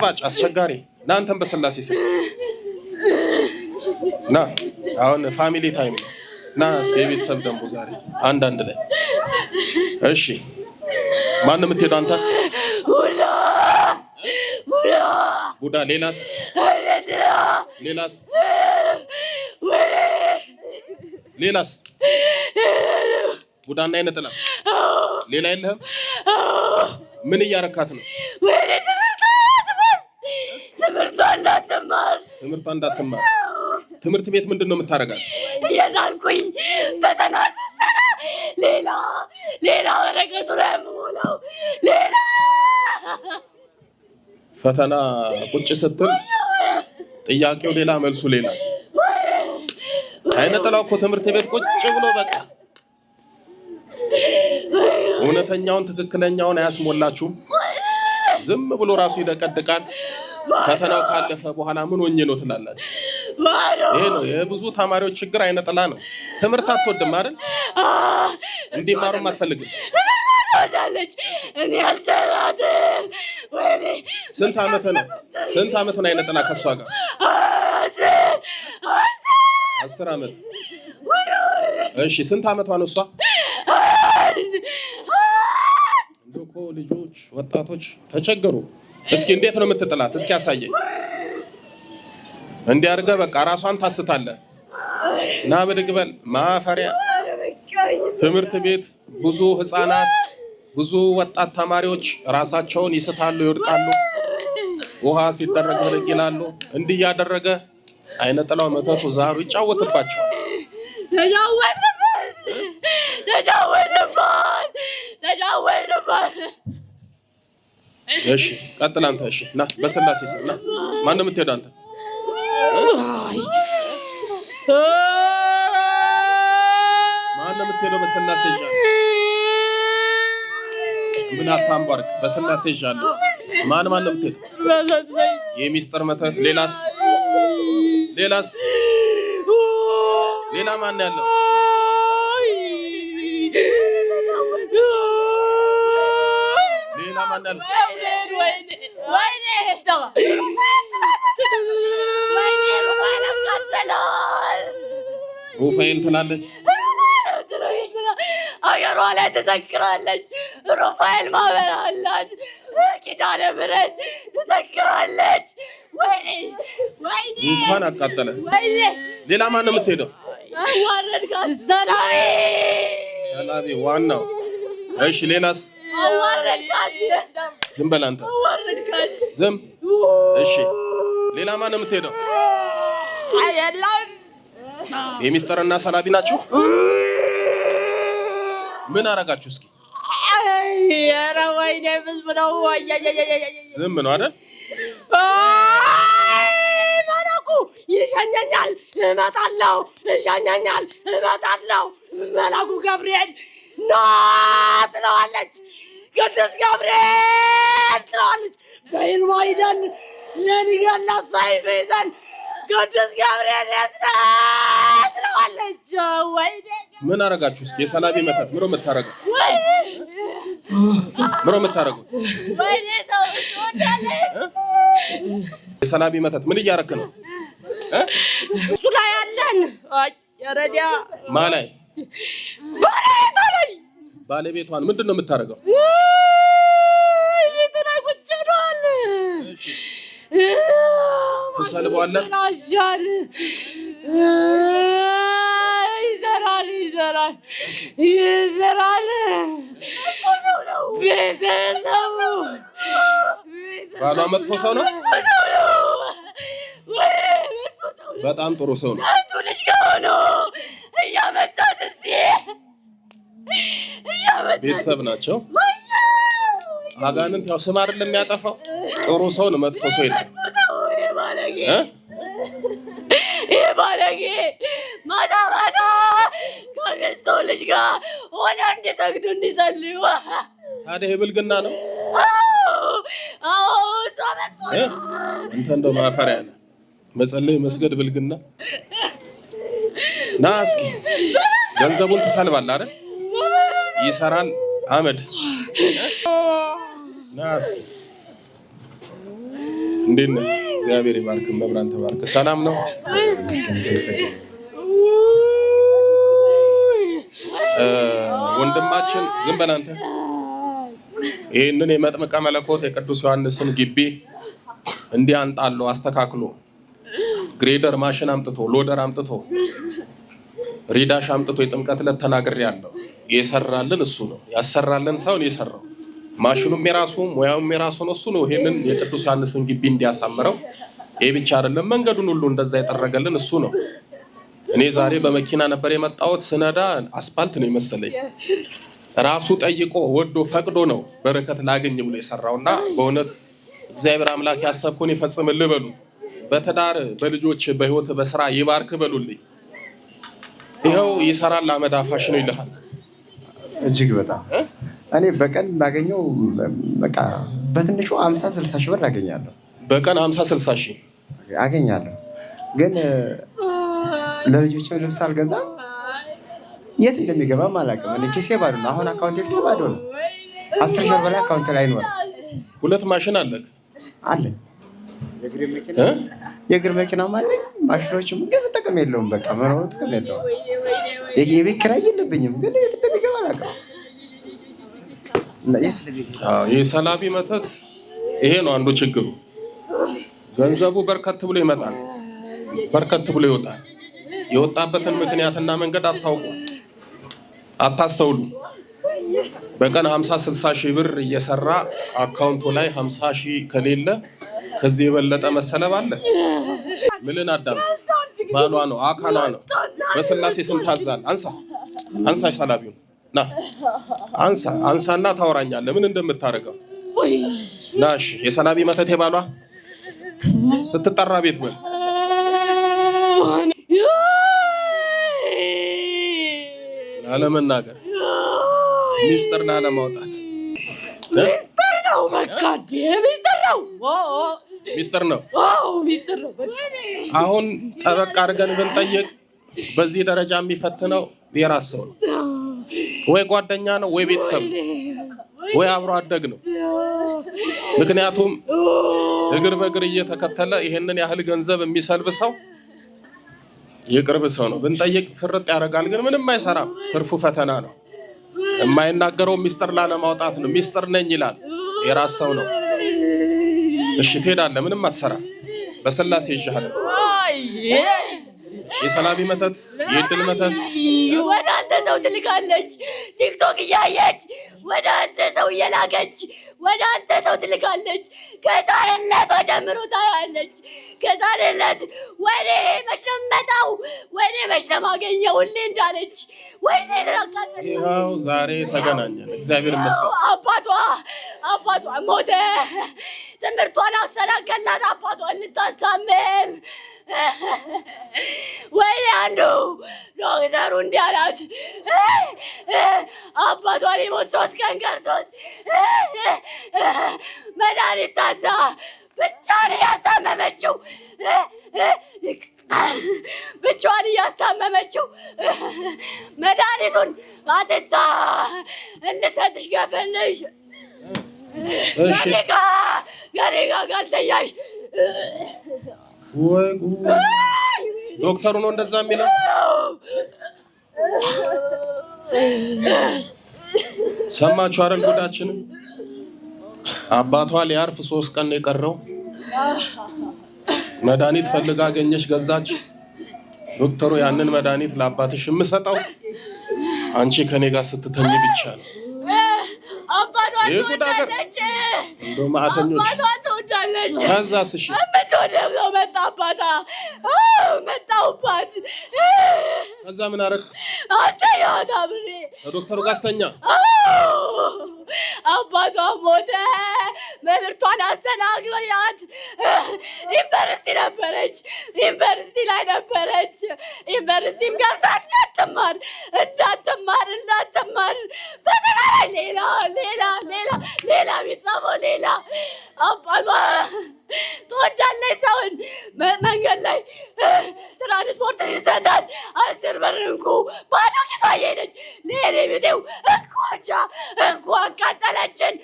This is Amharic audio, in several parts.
አጥባጭ አስቸጋሪ እናንተን በስላሴ ስ ና አሁን ፋሚሊ ታይም ነው። ና የቤተሰብ ደግሞ ዛሬ አንድ አንድ ላይ እሺ። ማን የምትሄዱ አንተ? ቡዳ። ሌላስ? ሌላስ? ሌላስ? ቡዳና አይነጥላ ሌላ የለህም? ምን እያረካት ነው? ትምህርቷ እንዳትማር ትምህርት ቤት ምንድን ነው የምታደርጋት? እየዛልኩኝ ፈተና ስሰራ ሌላ ሌላ ወረቀቱ ላይ የምሞላው ሌላ ፈተና ቁጭ ስትል ጥያቄው ሌላ መልሱ ሌላ። አይነ ጥላው እኮ ትምህርት ቤት ቁጭ ብሎ በቃ እውነተኛውን ትክክለኛውን አያስሞላችሁም። ዝም ብሎ ራሱ ይደቀድቃል። ፈተናው ካለፈ በኋላ ምን ሆኜ ነው ትላላችሁ? ይሄ ነው የብዙ ተማሪዎች ችግር። አይነ ጥላ ነው። ትምህርት አትወድም አይደል? እንዲማሩም አትፈልግም። ወዳለች እኔ አልቻላትም። ወይኔ ስንት አመት ነው ስንት ዓመት ነው አይነ ጥላ ከእሷ ጋር አስር አመት። እሺ፣ ስንት አመቷ ነው እሷ? እንደው እኮ ልጆች ወጣቶች ተቸገሩ። እስኪ እንዴት ነው የምትጥላት? እስኪ ያሳየኝ። እንዲህ አድርገህ በቃ ራሷን ታስታለህ። ና ብድግ በል። ማፈሪያ ትምህርት ቤት ብዙ ህፃናት፣ ብዙ ወጣት ተማሪዎች ራሳቸውን ይስታሉ፣ ይወድቃሉ፣ ውሃ ሲደረግ ብድግ ይላሉ። እንዲህ እያደረገ አይነ ጥላው መተቱ ዛሩ ይጫወትባቸዋል። እሺ ቀጥል አንተ። እሺ ና በስላሴ ስም ና። ማን ነው የምትሄደው አንተ? ማን ነው የምትሄደው? በስላሴ ይዣለሁ። ምን አታምባርቅ። በስላሴ ይዣለሁ። ማን ማን ነው የምትሄደው? የሚስጥር መተት። ሌላስ? ሌላስ? ሌላ ማን ያለው ይገባናል። ሩፋኤል ትላለች፣ አገሯ ላይ ትሰክራለች። ሩፋኤል ማህበር አላት። ኪዳነ ምሕረት ትሰክራለች። እንኳን አቃጠለ። ሌላ ማን ነው የምትሄደው? ሰላቤ ዋናው። እሺ ሌላስ? ዝም በል አንተ ዝም። እሺ፣ ሌላ ማን ነው የምትሄደው? የለም እና ሰላቢ ናችሁ። ምን አረጋችሁ እስኪ? ኧረ ወይኔ ብዙ ነው። ዝም ነው አይደል? መላኩ ይሸኘኛል፣ እመጣለሁ፣ ይሸኘኛል፣ እመጣለሁ። መላኩ ገብርኤል ና ትለዋለች ቅዱስ ገብርኤል ትለዋለች። በይልማ ሂደን ነድያና ሳይፍ ይዘን ቅዱስ ገብርኤል የት ነህ ትለዋለች። ወይኔ ምን አረጋችሁ? እስኪ የሰላቤ መተት ምሮ የምታረጉ ምሮ የምታረጉ የሰላቤ መተት ምን እያረክ ነው? እሱ ላይ አለን ረዲያ ማ ላይ ባለቤቷ ላይ ባለቤቷን ምንድን ነው የምታደርገው? እንሰልበዋለን። ይዘራል ይዘራል ይዘራል። ቤተሰቡ ባሏ መጥፎ ሰው ነው። በጣም ጥሩ ሰው ነው። አንቱ ልጅ እያመጣት ቤተሰብ ናቸው። አጋንንት ያው ስም አይደለም የሚያጠፋው። ጥሩ ሰውን መጥፎ ሰው የለም። ይህ ባለጌ ማታ ማታ ከሚስቱ ልጅ ጋር ሆነ እንዲሰግዱ እንዲጸልዩ። ታዲያ የብልግና ነው። አንተ እንደው ማፈሪያ ነህ። መጸለይ መስገድ ብልግና። ና እስኪ ገንዘቡን ትሰልባለህ አይደል? ይሰራል አመድ። ና እስኪ እንዴት ነህ? እግዚአብሔር ይባርክ። መብራን ተባርክ። ሰላም ነው። ወንድማችን ዝም በል አንተ። ይህንን የመጥምቀ መለኮት የቅዱስ ዮሐንስን ግቢ እንዲህ አንጣሎ አስተካክሎ ግሬደር ማሽን አምጥቶ ሎደር አምጥቶ ሪዳሽ አምጥቶ የጥምቀት ዕለት ተናግሬ ያለው የሰራልን እሱ ነው። ያሰራልን ሳይሆን የሰራው ማሽኑም የራሱ ሙያውም የራሱ ነው። እሱ ነው ይሄንን የቅዱስ ዮሐንስን ግቢ እንዲያሳምረው። ይህ ብቻ አይደለም፣ መንገዱን ሁሉ እንደዛ የጠረገልን እሱ ነው። እኔ ዛሬ በመኪና ነበር የመጣሁት። ስነዳ አስፓልት ነው የመሰለኝ። ራሱ ጠይቆ ወዶ ፈቅዶ ነው በረከት ላገኝ ብሎ የሰራውና በእውነት እግዚአብሔር አምላክ ያሰብኩን ይፈጽምልህ በሉ። በትዳር በልጆች በህይወት በስራ ይባርክ በሉልኝ። ይኸው ይሰራል አመዳፋሽ ነው ይልሃል። እጅግ በጣም እኔ በቀን ማገኘው በቃ በትንሹ አምሳ ስልሳ ሺህ ብር አገኛለሁ። በቀን አምሳ ስልሳ ሺህ አገኛለሁ። ግን ለልጆችም ልብስ አልገዛ የት እንደሚገባም አላውቅም። እኔ ኪሴ ባዶ ነው። አሁን አካውንቴ ፊት ባዶ ነው። አስር ሺህ ብር በላይ አካውንቴ ላይ አይኖርም። ሁለት ማሽን አለህ? አለኝ። የእግር መኪናም አለኝ። ማሽኖችም ግን ጥቅም የለውም። በቃ መኖሩ ጥቅም የለውም። የቤት ኪራይ የለብኝም ግን የሰላቢ መተት ይሄ ነው አንዱ ችግሩ። ገንዘቡ በርከት ብሎ ይመጣል፣ በርከት ብሎ ይወጣል። የወጣበትን ምክንያትና መንገድ አታውቁ፣ አታስተውሉ። በቀን 50 60 ሺህ ብር እየሰራ አካውንቱ ላይ 50 ሺህ ከሌለ ከዚህ የበለጠ መሰለብ አለ? ምልን አዳም ባሏ ነው አካሏ ነው። በስላሴ ስም ታዛል። አንሳ አንሳ ሰላቢው ና አንሳ አንሳና ታወራኛል። ለምን እንደምታደርገው ናሽ የሰላቢ መተት የባሏ ስትጠራ ቤት ምን ላለመናገር ሚስጥር ላለማውጣት ሚስጥር ነው። በቃ ሚስጥር ነው። ሚስጥር ነው። ሚስጥር ነው። አሁን ጠበቅ አድርገን ብንጠይቅ በዚህ ደረጃ የሚፈትነው የራስ ሰው ነው። ወይ ጓደኛ ነው ወይ ቤተሰብ ወይ አብሮ አደግ ነው። ምክንያቱም እግር በእግር እየተከተለ ይሄንን ያህል ገንዘብ የሚሰልብ ሰው የቅርብ ሰው ነው። ብንጠይቅ ፍርጥ ያደርጋል፣ ግን ምንም አይሰራም። ትርፉ ፈተና ነው። የማይናገረው ሚስጥር ላለማውጣት ነው። ሚስጥር ነኝ ይላል፣ የራስ ሰው ነው። እሺ ትሄዳለህ፣ ምንም አትሰራ። በስላሴ ይሻላል። የሰላሚ መተት፣ የድል መተት ወደ አንተ ሰው ትልካለች። ቲክቶክ እያየች ወደ አንተ ሰው እየላከች ወደ አንተ ሰው ትልካለች። ከሳርነቷ ጀምሮ ታያለች። ከሳርነት ወደ መሽለም መጣው ወደ ሁሌ እንዳለች ወደ ይኸው ዛሬ ተገናኘን። እግዚአብሔር ይመስገን። አባቷ አባቷ ሞተ። ትምህርቷን አሰናከላት። አባቷን ልታስታምም ወይኔ አንዱ ዶክተሩ እንዲህ አላት፣ አባቷ ሊሞት ሶስት ቀን ቀርቶት መድኃኒት ታዛ ብቻዋን እያስታመመችው ብቻዋን እያስታመመችው መድኃኒቱን አጥታ እንሰጥሽ ከፈለሽ ጋሪጋ ጋር ተያሽ ወይ ዶክተሩ ነው እንደዛ የሚለው። ሰማችሁ አይደል? ጎዳችንም አባቷ ሊያርፍ ሶስት ቀን የቀረው መድኃኒት ፈልጋ አገኘች፣ ገዛች። ዶክተሩ ያንን መድኃኒት ለአባትሽ የምሰጠው አንቺ ከኔ ጋር ስትተኝ ብቻ ነው። ይህ ጉዳገር እንደ ማዕተኞች ትለኛለች። ከዛስ? እሺ የምትወደው ሰው መጣባታ ከዛ ምን ከዶክተሩ ጋር አስተኛ። አባቷ ሞተ። መብርቷን አስተናግበያት ነበረች፣ ዩኒቨርሲቲ ላይ ነበረች። ዩኒቨርሲቲም ገብታ እንዳትማር እንዳትማር እንዳትማር በተለይ ሌላ ሌላ ሌላ ሌላ ቢጸበው ሌላ ትወዳለች። ሰውን መንገድ ላይ ትራንስፖርት ይሰጣል። አስር ብር እንኩ ባዶ ኪሷ እየሄደች ለኔ ቤቴው እንኳቻ እንኳ አቃጠለችን።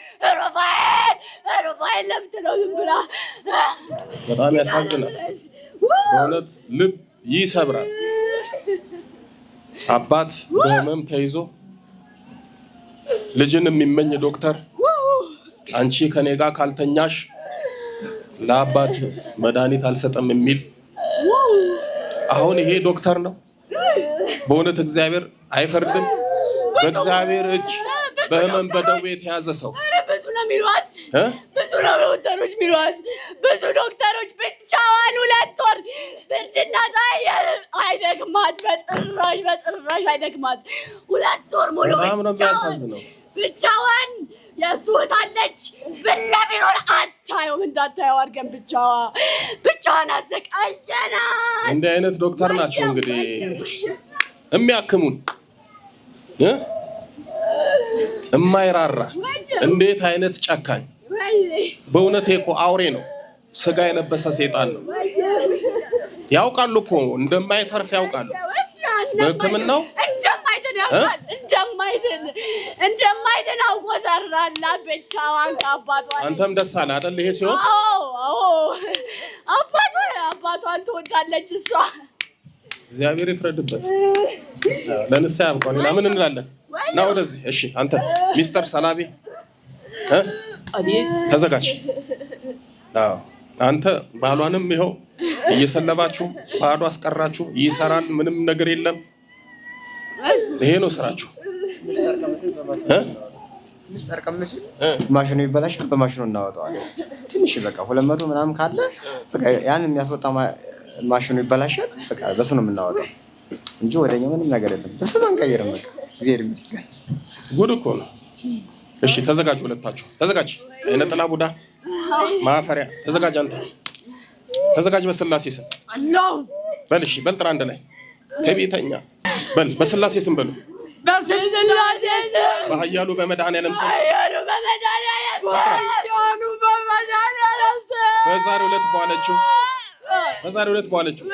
ሩፋኤል ሩፋኤል ለምትለው ዝም ብላ በጣም ያሳዝናል። በእውነት ልብ ይሰብራል። አባት በህመም ተይዞ ልጅን የሚመኝ ዶክተር አንቺ ከኔ ጋር ካልተኛሽ ለአባት መድኃኒት አልሰጠም የሚል አሁን ይሄ ዶክተር ነው። በእውነት እግዚአብሔር አይፈርድም። በእግዚአብሔር እጅ በህመም በደዌ የተያዘ ሰው ብዙ ነው የሚሏት፣ ብዙ ነው ዶክተሮች የሚሏት፣ ብዙ ዶክተሮች ብቻዋን ሁለት ወር ብርድና ፀሐይ አይደግማት፣ በጭራሽ በጭራሽ አይደግማት። ሁለት ወር ሙሉ ብቻዋን የእሱ እህታለች ብለቢኖር አታየውም። እንዳታየው አድርገን ብቻዋ ብቻዋን አዘቃየናል። እንዲህ አይነት ዶክተር ናቸው እንግዲህ የሚያክሙን እማይራራ እንዴት አይነት ጨካኝ! በእውነት እኮ አውሬ ነው፣ ስጋ የለበሰ ሴጣን ነው። ያውቃሉ እኮ እንደማይተርፍ ያውቃሉ፣ በህክምናው ያውቃል። እንደማይድን እንደማይድን አወዛራላ ብቻዋን ከአባቷ አንተም ደስ አለ አይደል? ይሄ ሲሆን አባቷ አባቷን ትወዳለች እሷ። እግዚአብሔር ይፍረድበት። ለንሳ ያብቃው። ሌላ ምን እንላለን? ና ወደዚህ። እሺ አንተ ሚስተር ሰላቤ ተዘጋጅ። አንተ ባሏንም ይኸው እየሰለባችሁ ባዶ አስቀራችሁ። ይሰራል፣ ምንም ነገር የለም። ይሄ ነው ስራችሁ። ማሽኑ ይበላሻል፣ በማሽኑ እናወጣዋለን። ትንሽ በቃ ሁለት መቶ ምናምን ካለ ያን የሚያስወጣ ማሽኑ ይበላሻል። በቃ በሱ ነው የምናወጣው እንጂ ወደኛ ምንም ነገር የለም። በሱ አንቀይርም። በቃ ጊዜ ይመስገን። ጉድ እኮ ነው። እሺ ተዘጋጅ፣ ሁለታችሁ ተዘጋጅ። ነጠላ ቡዳ ማፈሪያ ተዘጋጅ። አንተ ተዘጋጅ። በስላሴ ስም በል። እሺ በል፣ ጥራ አንድ ላይ ተቤተኛ በል። በስላሴ ስም በሉ በኃያሉ በመድኃኔዓለም ስም በዛሬው ዕለት በኋለችው በዛሬው ዕለት በኋለችው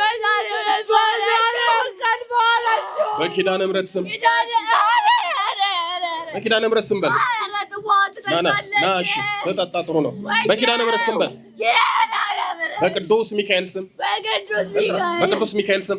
በኪዳነ ምሕረት ስም በኪዳነ ምሕረት ስም በል ና እሺ ተጠጣ ጥሩ ነው። በኪዳነ ምሕረት ስም በል በቅዱስ ሚካኤል ስም በቅዱስ ሚካኤል ስም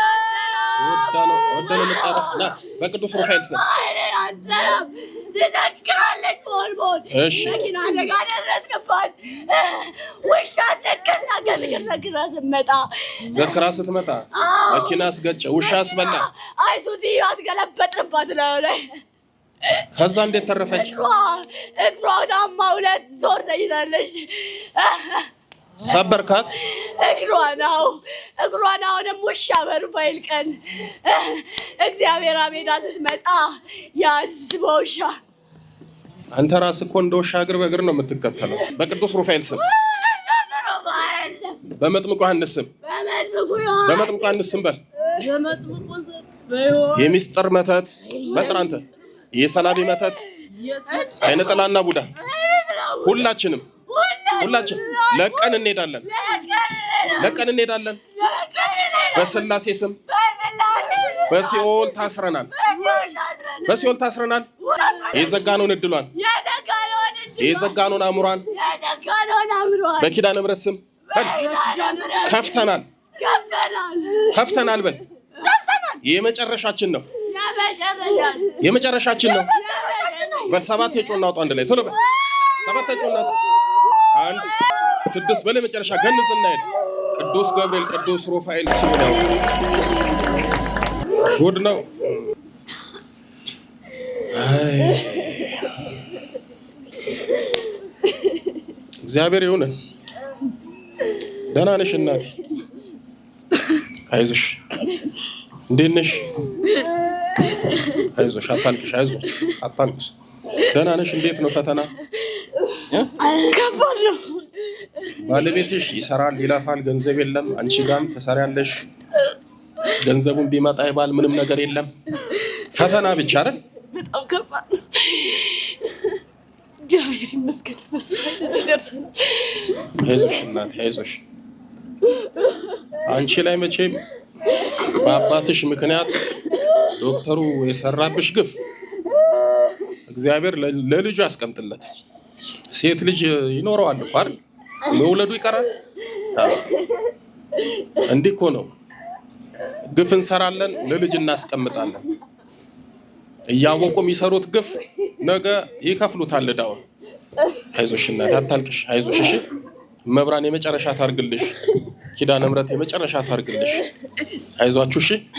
ወዳ በቅዱስ ሩፋኤል ስም ትዘክራለች። በሆን መኪና አደጋ ደረስንባት። ውሻ አስነከስና ከዝግር ዘክራ ስትመጣ ዘክራ ስትመጣ መኪና አስገጨ፣ ውሻ አስበላ፣ አይሱዚ አስገለበጥንባት ላዩ ላይ ከዛ እንዴት ተረፈች? እግሯ ታማ ሁለት ዞር ተይዛለች። ሰበርካት እግሯን አዎ እግሯን አሁንም ውሻ በሩፋኤል ቀን እግዚአብሔር አሜዳ ስትመጣ ያዝ በውሻ አንተ ራስህ እኮ እንደ ውሻ እግር በእግር ነው የምትከተለው በቅዱስ ሩፋኤል ስም በመጥምቁ ዮሐንስ ስም በመጥምቁ ዮሐንስ ስም በል የሚስጥር መተት በጥራ የሰላቢ መተት አይነ ጥላና ቡዳ ሁላችንም ሁላችን ለቀን እንሄዳለን፣ ለቀን እንሄዳለን። በስላሴ ስም በሲኦል ታስረናል፣ በሲኦል ታስረናል። የዘጋነውን እድሏን የዘጋነውን አእምሯን በኪዳነ ምሕረት ስም ከፍተናል፣ ከፍተናል። በል የመጨረሻችን ነው፣ የመጨረሻችን ነው። በል ሰባት የጮና አንድ ላይ ቶሎ በል ሰባት የጮና አንድ ስድስት በላይ መጨረሻ ገንጽ እናሄድ። ቅዱስ ገብርኤል፣ ቅዱስ ሩፋኤል ስሙ ነው። ጉድ ነው። እግዚአብሔር ይሁንን። ደህና ነሽ እናቴ? አይዞሽ። እንዴት ነሽ? አይዞሽ፣ አታልቅሽ። አይዞሽ፣ አታልቅሽ። ደህና ነሽ? እንዴት ነው ፈተና? ከባድ ነው። ባለቤትሽ ይሰራል፣ ይለፋል፣ ገንዘብ የለም። አንቺ ጋም ትሰሪያለሽ። ገንዘቡን ቢመጣ ይባል ምንም ነገር የለም። ፈተና ብቻ አይደል? በጣም ከባድ ነው። እግዚአብሔር ይመስገን በሱ ደርሰናል። አይዞሽ እናቴ አይዞሽ። አንቺ ላይ መቼም በአባትሽ ምክንያት ዶክተሩ የሰራብሽ ግፍ እግዚአብሔር ለልጁ ያስቀምጥለት። ሴት ልጅ ይኖረዋል እኮ አይደል? መውለዱ ይቀራል። እንዲህ እኮ ነው። ግፍ እንሰራለን፣ ለልጅ እናስቀምጣለን። እያወቁ የሚሰሩት ግፍ ነገ ይከፍሉታል ዕዳውን። አይዞሽ እናት አታልቅሽ፣ አይዞሽ እሺ። መብራን የመጨረሻ ታርግልሽ። ኪዳነ ምሕረት የመጨረሻ ታርግልሽ። አይዟችሁ እሺ።